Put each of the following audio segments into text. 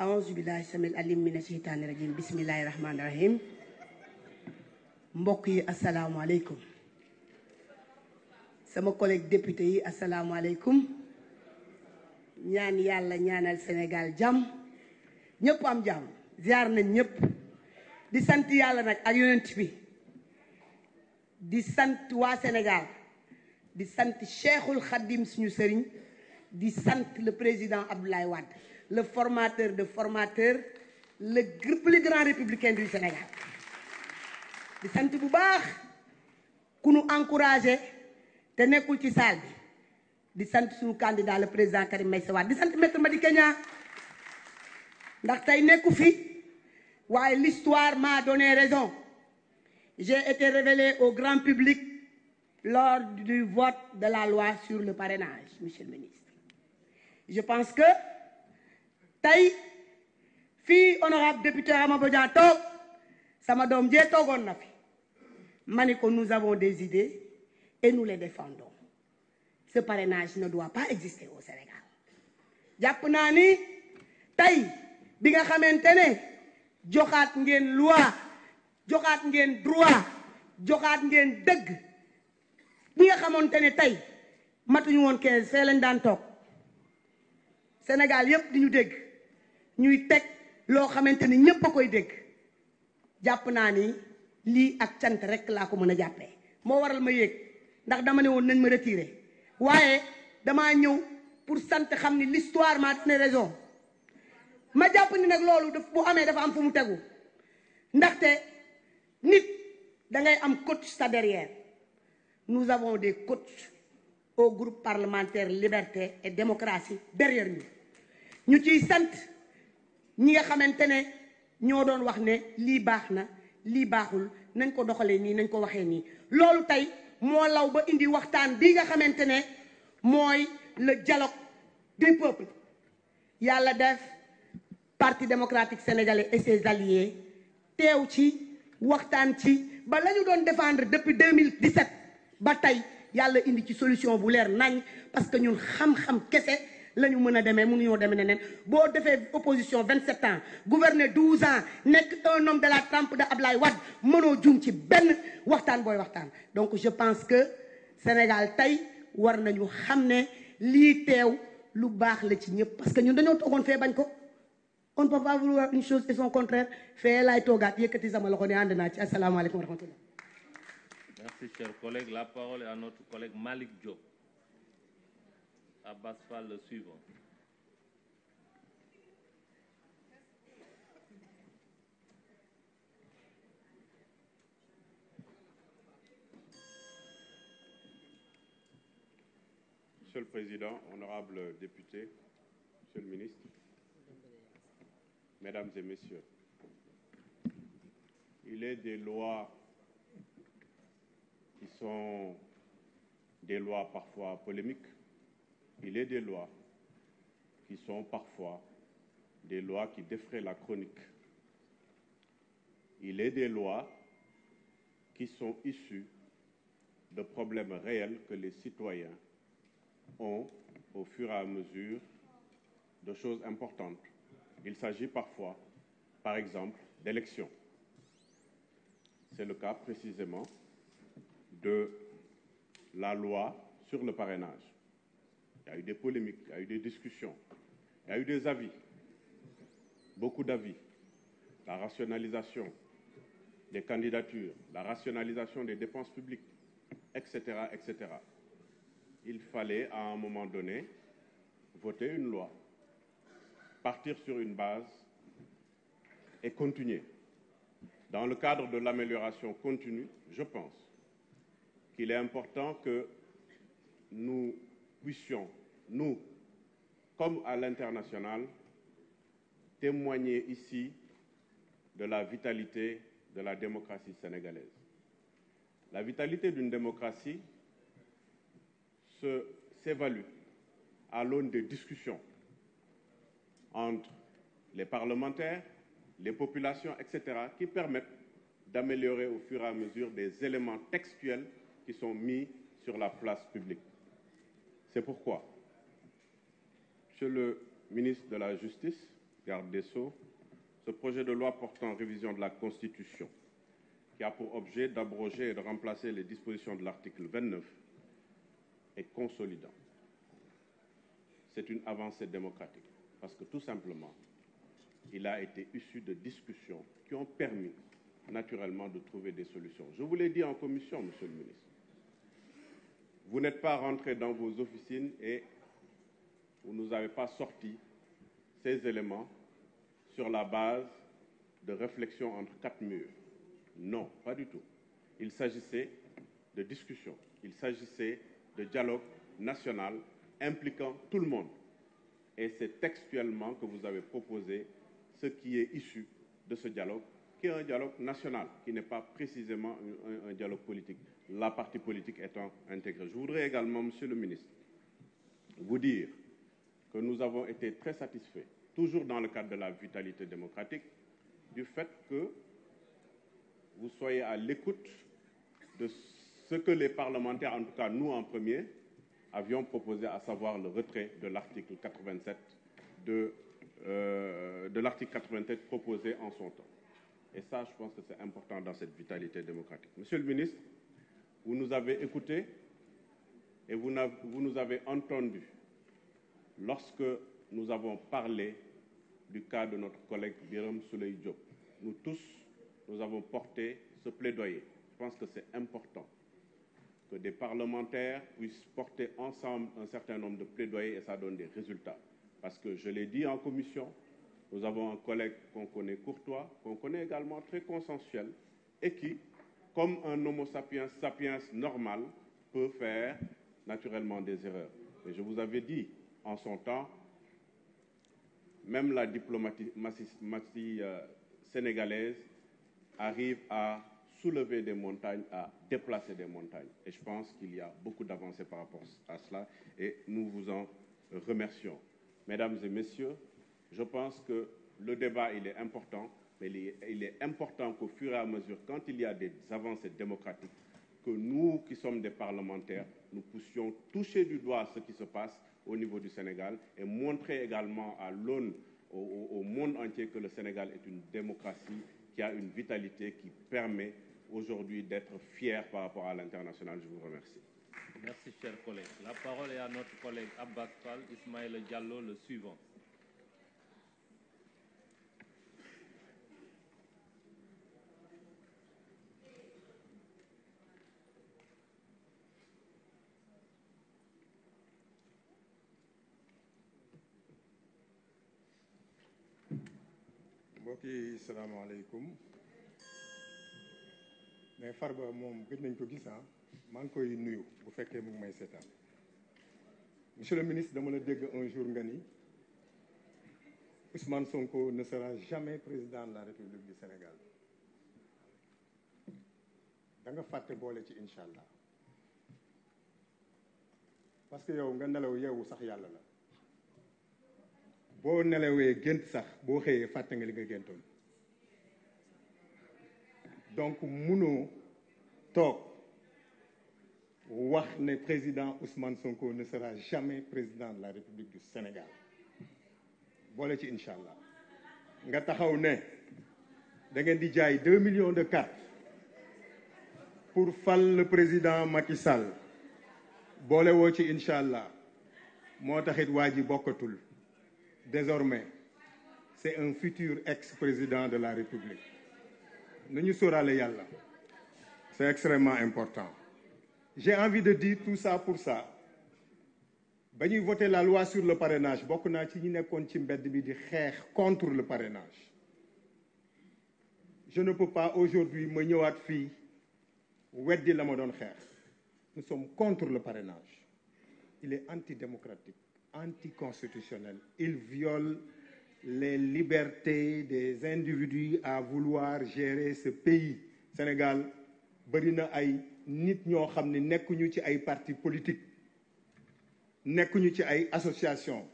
aouzu billahi samil alim mina sheytaani rajim bismillahi rahmaani rahim mbokk yi asalaamaaleykum sama collègue député yi asalaamaaleykum ñaan yàlla ñaanal Sénégal jàmm ñëpp am jàmm ziar na ñëpp di sant yàlla nag ak yonent bi di sant waa Sénégal di sant Cheikhul Khadim suñu sëriñ di sant le président Abdoulaye Wade le formateur de formateurs le plus grand républicain du Sénégal di sant bu baax ku nu encouragé te nekkul ci salle bi di sant suñu candidat le président Karim Meïssa Wade di sant maître Madické Niang ndax tey nekku fi waaye l'histoire m'a donné raison j'ai été révélé au grand public lors du vote de la loi sur le parrainage monsieur le ministre je pense que tey fii honorable député Amaba Dia toog sama doom jee toogoon na fi ma ne ko nous avons des idées et nous les défendons ce parrainage ne doit pas exister au Sénégal jàpp naa ni tey bi nga xamante ne joxaat ngeen loi joxaat ngeen droit joxaat ngeen dëgg bi nga xamante ne tey matuñu woon 15 fee lañ daan toog Sénégal yëpp di ñu dégg ñuy teg loo xamante ni ñëpp a koy dégg jàpp naa ni lii ak cant rek laa ko mën a jàppee moo waral ma yéeg ndax dama ne woon nañ ma retiré waaye dama ñëw pour sant xam ni l'histoire m'a donné ma jàpp ni nag loolu daf bu amee dafa am fu mu tegu ndaxte nit dangay am coach sa derrière nous avons des coachs au groupe parlementaire liberté et démocratie derrière ñu ñu ciy sant ñi nga xamante ne ñoo doon wax ne lii baax na lii baaxul nañ ko doxalee nii nañ ko waxee nii loolu tey moo law ba indi waxtaan bi nga xamante ne mooy le dialogue des peuples yàlla def parti démocratique sénégalais et ses alliés teew ci waxtaan ci ba la ñu doon défendre depuis 2017 ba tey yàlla indi ci solution bu leer nañ parce que ñun xam-xam kese la ñu mën a demee mënuñoo demee nen boo defee opposition 27 ans gouverner 12 ans nekk un homme de la trempe de Ablaye Wade mënoo juum ci benn waxtaan booy waxtaan. donc je pense que Sénégal tey war na ñu xam ne lii teew lu baax la ci ñëpp parce que ñun dañoo toogoon fee bañ ko. on ne peut pas vouloir une chose et son contraire fee laay toogaat yëkkati sama loxo ne ànd naa ci asalaamaaleykum wa Merci, cher collègue. La parole est à notre collègue Malik Diop. Abbas Fall, le suivant. Monsieur le Président, honorables députés, Monsieur le Ministre, Mesdames et Messieurs, il est des lois qui des lois parfois polémiques, il est des lois qui sont parfois des lois qui défraient la chronique. Il est des lois qui sont issues de problèmes réels que les citoyens ont au fur et à mesure de choses importantes. Il s'agit parfois, par exemple, d'élections. C'est le cas précisément de la loi sur le parrainage. Il y a eu des polémiques, il a eu des discussions, il y a eu des avis, beaucoup d'avis. La rationalisation des candidatures, la rationalisation des dépenses publiques, etc., etc. Il fallait, à un moment donné, voter une loi, partir sur une base et continuer. Dans le cadre de l'amélioration continue, je pense qu'il est important que nous puissions, nous, comme à l'international, témoigner ici de la vitalité de la démocratie sénégalaise. La vitalité d'une démocratie s'évalue à l'aune des discussions entre les parlementaires, les populations, etc., qui permettent d'améliorer au fur et à mesure des éléments textuels qui sont mis la place publique. C'est pourquoi, Monsieur le ministre de la Justice, des Sceaux, ce projet de loi portant révision de la Constitution, qui a pour objet d'abroger et de les dispositions de l'article 29, est consolidant. C'est une avancée démocratique, parce que tout simplement, il de discussions qui naturellement de trouver des solutions. Je vous l'ai dit en commission, Monsieur le ministre. Vous n'êtes pas rentré dans vos officines et vous ne nous avez pas sorti ces éléments sur la base de réflexions entre quatre murs. Non, pas du tout. Il s'agissait de discussions, il s'agissait de dialogue national impliquant tout le monde. Et c'est textuellement que vous avez proposé ce qui est issu de ce dialogue qui est un national, qui n'est pas précisément un, un, dialogue politique, la partie politique étant intégrée. Je voudrais également, Monsieur le ministre, vous nous avons été très satisfaits, toujours dans le cadre de la vitalité démocratique, du fait que vous soyez à l'écoute de ce que les en tout cas premier, avions proposé, à savoir le de l'article 87 de, euh, de l'article 87 proposé en son Et ça, je pense que c'est important dans cette vitalité démocratique. Monsieur le ministre, vous nous avez écoutés et vous, vous nous avez entendus lorsque nous avons parlé du cas de notre collègue Biram Souley Diop. Nous tous, nous avons porté ce plaidoyer. Je pense que c'est important que des parlementaires puissent porter ensemble un certain nombre de plaidoyers et ça donne des résultats. Parce que je l'ai dit en commission, Nous avons un collègue qu'on connaît courtois, qu'on connaît également très consensuel et qui, comme un homo sapiens sapiens normal, peut faire naturellement des erreurs. Et je vous avais dit en son temps, même la diplomatie euh, sénégalaise arrive à soulever des montagnes, à déplacer des montagnes. Et je pense qu'il y a beaucoup d'avancées par rapport à cela et nous vous en remercions. Mesdames et messieurs, Je pense que le débat, il est important, mais il est important qu'au fur et à mesure, quand il y a des avancées démocratiques, que nous, sommes des parlementaires, nous puissions toucher du doigt ce qui se passe au niveau du Sénégal et montrer également à l'aune au, au, monde entier que le Sénégal est une démocratie qui a une vitalité qui permet aujourd'hui d'être fier par rapport à l'international. Je vous remercie. chers collègues. La parole est à notre mbokk yi salaamaaleykum mais ba moom gën nañ ko gis ah maa ngi koy nuyu bu fekkee mu ngi may seetaan monsieur le ministre dama la dégg un jour nga ni Ousmane Sonko ne sera jamais président de la République du Sénégal danga nga fàtte boole ci incha allah parce que yow nga nelaw yeewu sax yàlla la. boo nelawee gént sax boo xëyee fàtte nga li nga géntoon donc munoo toog wax ne président Ousmane Sonko ne sera jamais président de la République du Sénégal boole ci incha allah nga taxaw ne da ngeen di jaay deux millions de cartes pour fal président Macky Sall boole woo ci incha allah moo taxit waa ji bokkatul. désormais c'est un futur ex-président de la République nañu sorale yàlla c'est extrêmement important j'ai envie de dire tout ça pour ça ba ñuy voté la loi sur le parrainage bokk naa ci ñi nekkoon ci mbedd bi di xeex contre le parrainage je ne peux pas aujourd'hui ma ñëwaat fii weddi la ma doon xeex nous sommes contre le parrainage il est antidémocratique anticonstitutionnel. Il viole les libertés des individus à vouloir gérer ce pays. Sénégal bëri na ay nit ñoo xam ne nekkuñu ci ay partis politiques nekkuñu ci ay associations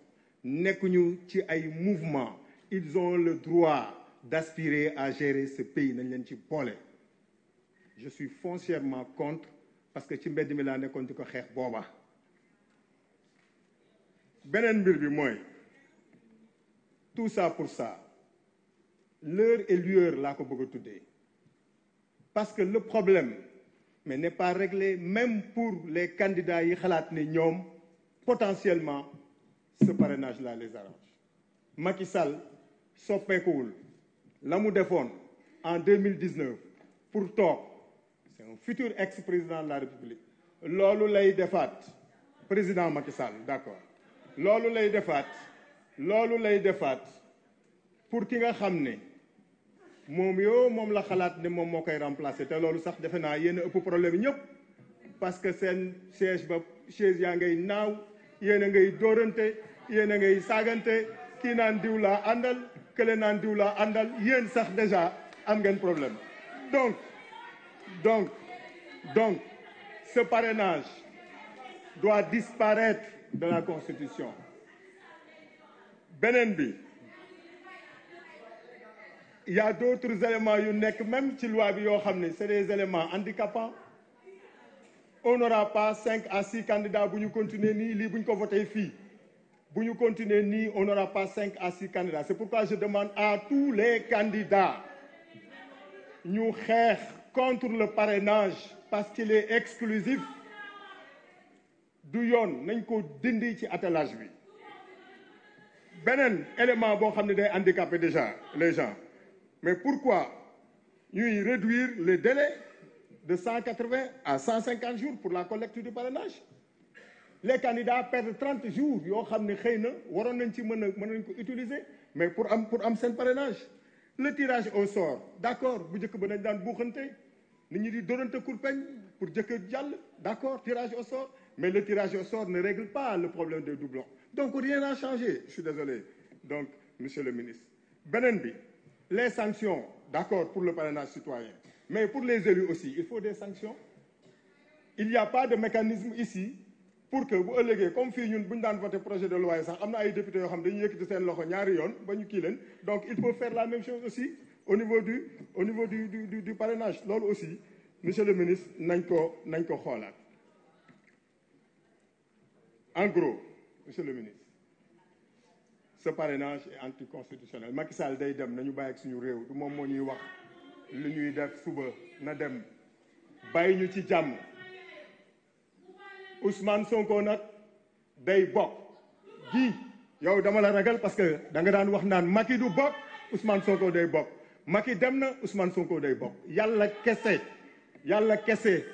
nekkuñu ci ay mouvements ils ont le droit d'aspirer à gérer ce pays nañ leen ci boole. je suis foncièrement contre parce que ci mbedd mi laa nekkoon di ko xeex booba. beneen mbir bi mooy tout ça pour ça l'heure et l'heure laa ko bëgg a tuddee parce que le problème mais n'est pas réglé même pour les candidats yi xalaat ne ñoom potentiellement ce parrainage là les arrange Macky Sall soppeekuwul la mu defoon en 2019 pour toog c'est un futur ex-président de la République loolu lay defaat président Macky Sall d'accord loolu lay defaat loolu lay defaat pour ki nga xam ne moom yoo moom la xalaat ne moom moo koy remplacer te loolu sax defe naa yéen a ëpp problème ñëpp parce que seen siège ba siège yaa ngay naaw yéen a ngay dóorante yéen a ngay saagante kii naan diw àndal kële naan diw laa àndal yéen sax déjà am ngeen problème donc donc ce parrainage doit disparaître de la Constitution beneen bi il y a d'autres éléments yu nekk même ci loi bi yoo xam ne c'est des éléments handicapants on n'aura pas cinq à six candidats bu ñu continuer nii lii bu ñu ko voté fii bu ñu continuer ni on n'aura pas cinq à six candidats c'est pourquoi je demande à tous les candidats ñu xeex contre le parrainage parce qu'il est exclusif du yoon nañ ko dindi ci attelage bi beneen élément boo xam ne day handicapé déjà les gens mais pourquoi ñuy réduire les délai de cent quatre-vingts à cent cinquante jours pour la collecte du parrainage les candidats perdent trente jours yoo xam ne xëy na waroon nañ ci mën a mën nañ ko utiliser mais pour am pour am seen parrainage le tirage au sort d'accord bu njëkk ba dañ daan buuxante nit ñi di dóorante kurpeñ pour jëkk jàll d'accord tirage au sort Mais le tirage au sort ne règle pas le problème des doublons. Donc rien n'a changé, je suis désolé. Donc, monsieur le ministre. Benen bi, les sanctions, d'accord, pour le parrainage citoyen. Mais pour les élus aussi, il faut des sanctions. Il n'y a pas de mécanisme ici pour que bu ëllëgee comme fii ñun bu ñu daan voté projet de loi yi sax am na ay députés yoo xam dañuy yëkkati seen loxo ñaari yoon ba ñu kii leen donc il faut faire la même chose aussi au niveau du au niveau loolu aussi monsieur le ministre nañ ko nañ ko xoolaat. En gros, le ministre, ce parrainage est anticonstitutionnel Macky Sall day dem nañu bàyyi suñu réew du moom moo ñuy wax lu ñuy def suba na dem bàyyi ñu ci jàmm Ousmane Sonko nag day bokk gi yow dama la ragal parce que da nga daan wax naan Macky du bokk Ousmane Sonko day bokk Macky dem na Ousmane Sonko day bokk yàlla kese yàlla kese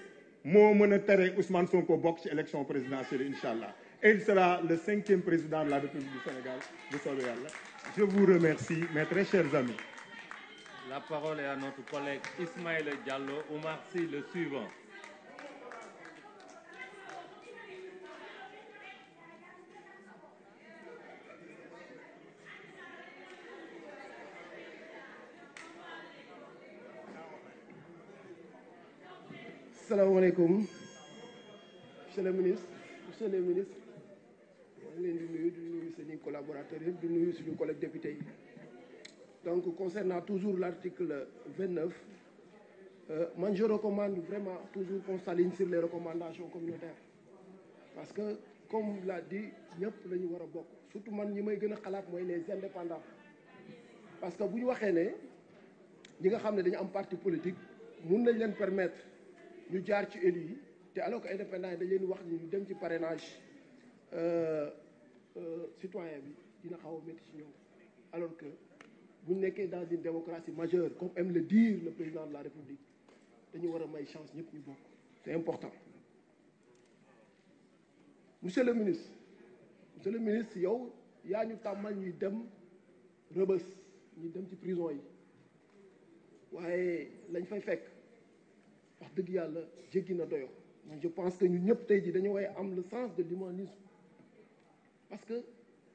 moo mën a tere Ousmane Sonko bokk ci élection présidentielle incha allah. et il sera le cinquième président de la République du Sénégal bu soobee yàlla je vous remercie mes très chers amis la parole est à notre collègue Ismaïla Diallo Oumar Sy le suivant salaamaaleykum monsieur le ministre monsieur le ministre maa leen di nuyu di nuyu suñuy di nuyu suñu collègue député yi donc concernant toujours l'article 29 euh, man je recommande vraiment toujours qu'on s'aligne sur les recommandations parce que comme l'a dit ñëpp la ñu war a bokk surtout man ñi may gën a xalaat mooy les indépendant parce que bu ñu waxee ne ñi nga xam ne dañu am parti politique mun nañ leen permettre ñu jaar ci élu yi te alors que indépendants yi dañ leen wax ñu dem ci parrainage Euh, euh, citoyen bi dina xaw a métti ci ñoom alors que bu nekkee dans une démocratie majeure comme aime le dire le président de la république dañu war a may chance ñëpp ñu bokk c'est important monsieur le ministre monsieur le ministre yow yaa ñu tàmmal ñuy dem rëbës ñu dem ci prison yi waaye lañ fay fekk wax dëgg yàlla jéggi na doyo je pense que ñun ñëpp tey ji dañu way am le sens de l'humanisme parce que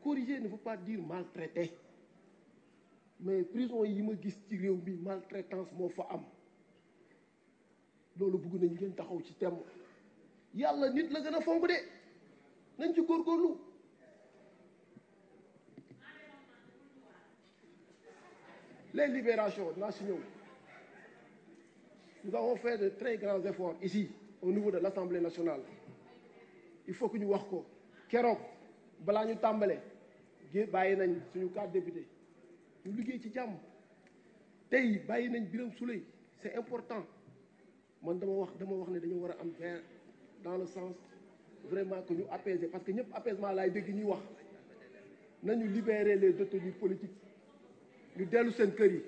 corriger ne veut pas dire maltraiter mais prison yi ma gis ci réew mi maltraitance moo fa am loolu bugg nañ ngeen taxaw ci temm yàlla nit la gën a fonk de nañ ci góorgóorlu les libérations nationales nous avons fait de très grands efforts ici au niveau de l'Assemblée nationale il faut que ñu wax ko keroog balaa ñu tàmbale gé bàyyi nañ suñu quatre député ñu liggéey ci jàmm tey bàyyi nañ Birame Souleye c'est important man dama wax dama wax ne dañu war a am vers dans le sens vraiment que ñu apaiser parce que ñëpp apaisement laay dégg ñuy wax nañu libérer les détenus politiques ñu dellu seen kër yi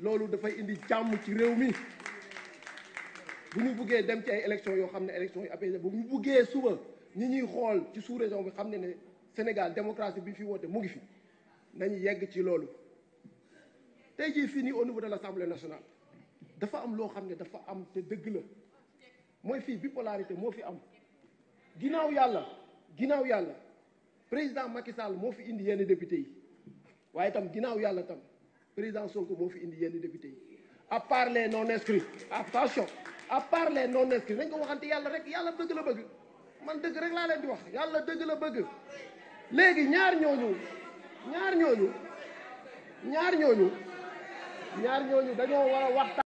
loolu dafay indi jàmm ci réew mi bu ñu buggee dem ci ay élections yoo xam ne élections yu apaisé bu ñu buggee suba ñi ñuy xool ci sous région bi xam ne ne Sénégal démocratie bi fi woote mu ngi fi nañu yegg ci loolu tey jii fii nii au niveau de la assemblée nationale dafa am loo xam ne dafa am te dëgg la mooy fii bipolarité moo fi am ginnaaw yàlla ginnaaw yàlla président Macky Sall moo fi indi yenn député yi waaye tam ginnaaw yàlla tam président Sonko moo fi indi yenn député yi à part les non inscrits attention à part les non inscrits nañ ko waxante yàlla rek yàlla dëgg la bëgg man dëgg rek laa leen di wax yàlla dëgg la bëgg léegi ñaar ñooñu ñaar ñooñu ñaar ñooñu ñaar ñooñu dañoo war a waxtaan